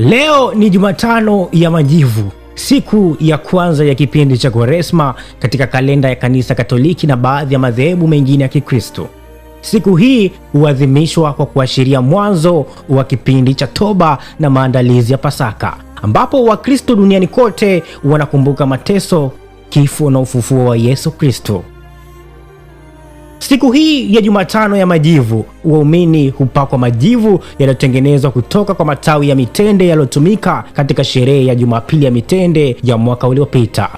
Leo ni Jumatano ya Majivu, siku ya kwanza ya kipindi cha Kwaresma katika kalenda ya Kanisa Katoliki na baadhi ya madhehebu mengine ya Kikristo. Siku hii huadhimishwa kwa kuashiria mwanzo wa kipindi cha toba na maandalizi ya Pasaka, ambapo Wakristo duniani kote wanakumbuka mateso, kifo na ufufuo wa Yesu Kristo. Siku hii ya Jumatano ya majivu, waumini hupakwa majivu yaliyotengenezwa kutoka kwa matawi ya mitende yaliyotumika katika sherehe ya Jumapili ya mitende ya mwaka uliopita.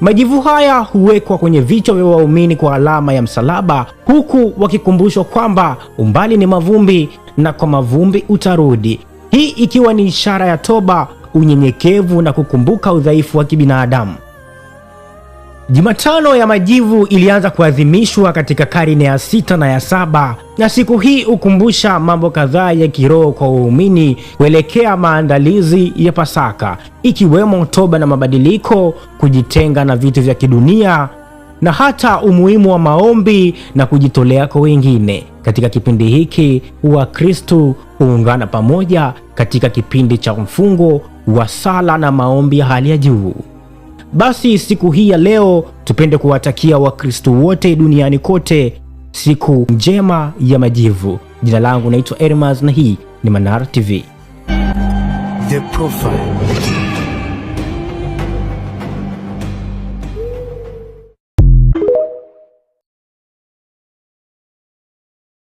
Majivu haya huwekwa kwenye vichwa vya waumini kwa alama ya msalaba, huku wakikumbushwa kwamba umbali ni mavumbi na kwa mavumbi utarudi, hii ikiwa ni ishara ya toba, unyenyekevu na kukumbuka udhaifu wa kibinadamu. Jumatano ya majivu ilianza kuadhimishwa katika karne ya sita na ya saba na siku hii hukumbusha mambo kadhaa ya kiroho kwa waumini kuelekea maandalizi ya Pasaka, ikiwemo toba na mabadiliko, kujitenga na vitu vya kidunia na hata umuhimu wa maombi na kujitolea kwa wengine. Katika kipindi hiki Wakristo huungana pamoja katika kipindi cha mfungo wa sala na maombi ya hali ya juu. Basi siku hii ya leo tupende kuwatakia Wakristo wote duniani kote siku njema ya majivu. Jina langu naitwa Ermas na hii ni Manara TV The Profile.